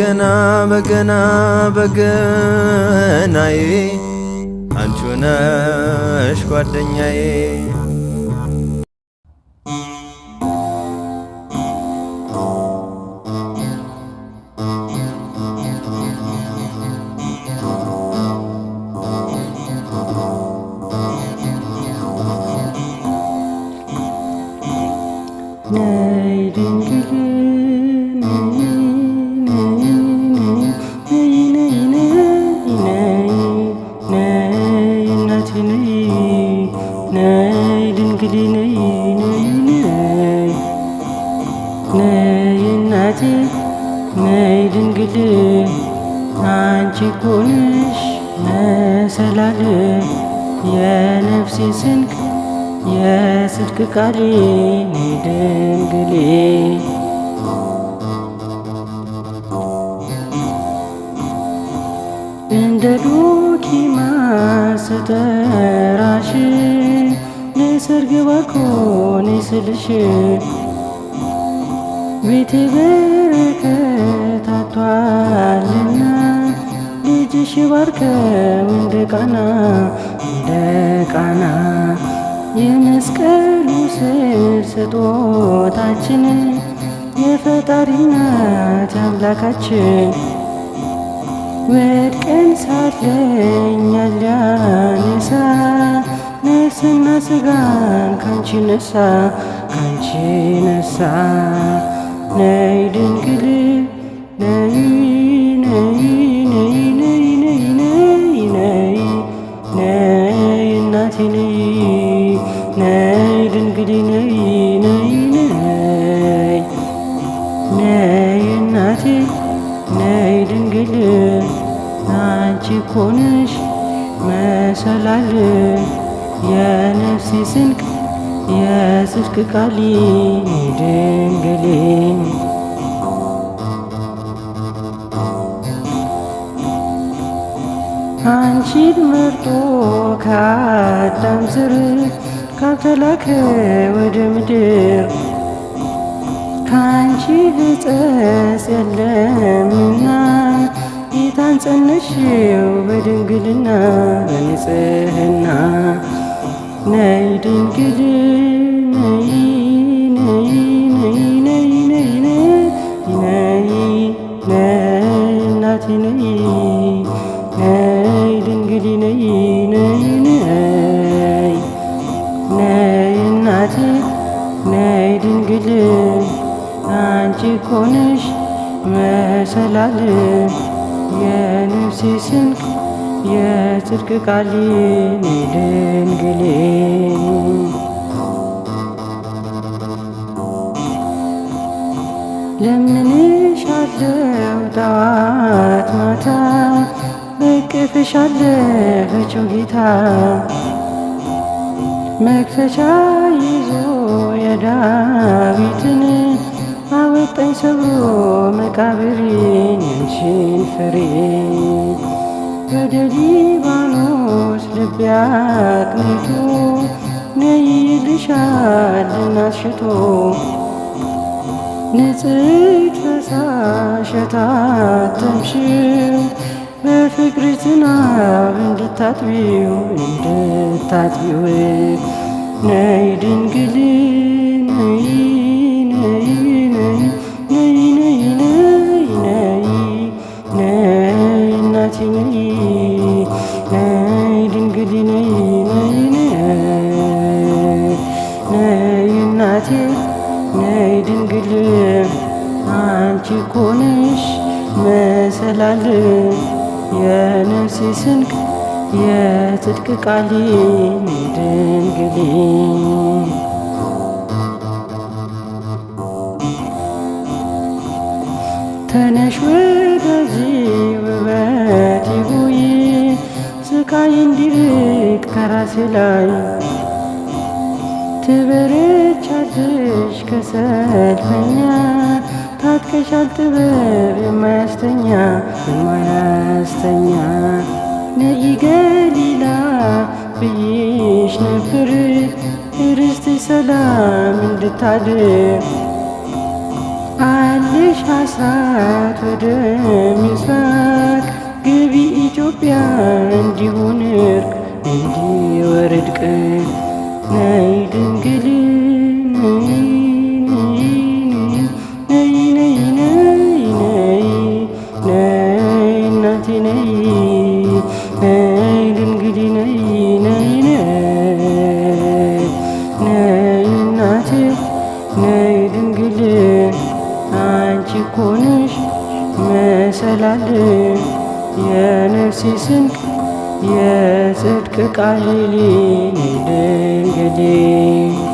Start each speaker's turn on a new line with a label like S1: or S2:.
S1: በገና በገና በገናዬ አንቺ ነሽ ጓደኛዬ
S2: ነይ ድንግል አንቺ እኮ መሰላል የነፍሴ ስንቅ የስድቅ ቃሌ ነይ ድንግል እንደ ዶኪማስ ስጠራሽ ነይ ሰርግ ስልሽ ቤቴ በረከት አቷልና ልጅሽ ባርከው እንደ ቃና እንደ ቃና የመስቀሉ ስር ስጦታችን የፈጣሪ እናት አምላካችን ወድቀን ሳለኛ ሊያነሳ ነፍስና ስጋን ካንቺ ነሳ ካንቺ ነሳ Neylin gülü ney ney ney ney ney ney ney ney nati ney Neylin gülü ney ney ney ney nati Neylin gülü Naci konuş meseleleri Ya nefsi sinki የጽድቅ ቃል ድንግል አንቺን መርጦ ከአዳም ዘር ካብ ተላከ ወደ ምድር ካንቺ ሕፀፅ የለምና ጌታን ጸነሽው በድንግልና በንጽህና Neydin gidi ney ney ney ney ney ney ney ney nati ney Neydin gidi ney ney ney ney nati neydin gidi Anci konuş meselalı Yeni sesin የጽድቅ ቃሌን ድንግሌን ለምንሻለው ጠዋት ማታ እቅፍሻለሁ ጌታ መክፈቻ ይዞ የዳዊትን አወጣኝ ሰብሮ መቃብሬን ያንቺን ፍሬ ከደሊባኖስ ልብ ያቅንቱ ነይልሻል ናሽቶ ንጽሕት ፈሳሽ የታተምሽው በፍቅር ዝናብ እንድታጥቢው እንድታጥቢው ነይ ድንግል ነይ ነይ ድንግል አንቺ እኮ መሰላል የነፍሴ ስንቅ የጽድቅ ቃሌ ድንግሌ ተነሽ ወደዚህ ውበቴ ሆይ ስቃይ እንዲርቅ ከራሴ ላይ አድሽ ከሰልፈኛ ታጥቀሻል ጥበብ የማያስተኛ የማያስተኛ ነይ ገሊላ ብዬሽ ነበር ርስትሽ ሰላም እንድታድ አለሽ አሳት ወደ ምስራቅ ግቢ ኢትዮጵያ እንዲሆን እንዲወርድ ቀን ነይ ድንግል ነይ ነይ ነይ ነይ ነይ ነይ እናቴ ነይ ነይ ድንግል ነይ ነይ ነይ እናቴ ነይ ድንግል አንቺ እኮ ነሽ መሰላል የነፍሴ ስንቅ የጽድቅ ቃል እኔ ድንግል